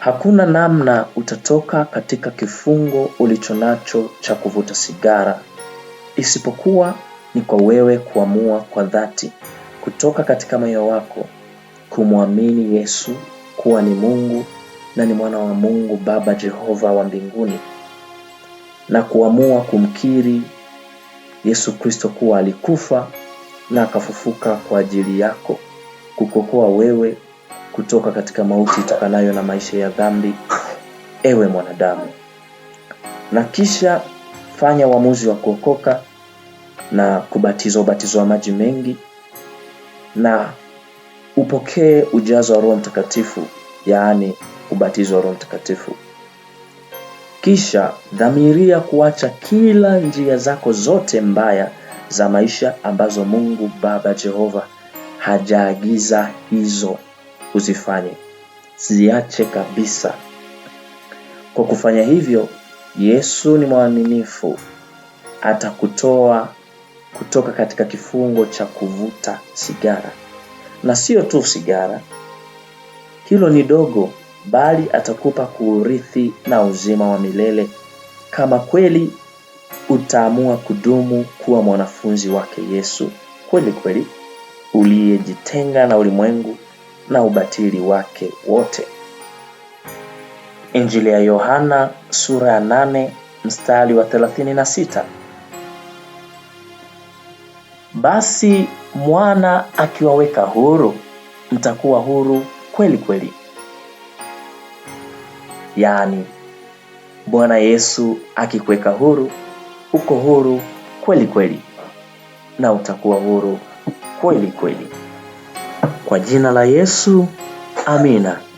Hakuna namna utatoka katika kifungo ulichonacho cha kuvuta sigara, isipokuwa ni kwa wewe kuamua kwa dhati kutoka katika moyo wako kumwamini Yesu kuwa ni Mungu na ni mwana wa Mungu Baba Jehova wa mbinguni na kuamua kumkiri Yesu Kristo kuwa alikufa na akafufuka kwa ajili yako kukokoa wewe kutoka katika mauti itokanayo na maisha ya dhambi, ewe mwanadamu, na kisha fanya uamuzi wa kuokoka na kubatizwa ubatizo wa maji mengi na upokee ujazo wa Roho Mtakatifu, yaani ubatizo wa Roho Mtakatifu. Kisha dhamiria kuacha kila njia zako zote mbaya za maisha ambazo Mungu Baba Jehova hajaagiza hizo uzifanye, ziache kabisa. Kwa kufanya hivyo, Yesu ni mwaminifu, atakutoa kutoka katika kifungo cha kuvuta sigara, na sio tu sigara, hilo ni dogo, bali atakupa kuurithi na uzima wa milele kama kweli utaamua kudumu kuwa mwanafunzi wake Yesu kweli kweli, uliyejitenga na ulimwengu na ubatili wake wote. Injili ya Yohana sura ya 8 mstari wa 36. Basi mwana akiwaweka huru mtakuwa huru kweli kweli. Yaani, Bwana Yesu akikuweka huru uko huru kweli kweli, na utakuwa huru kweli kweli. Kwa jina la Yesu, amina.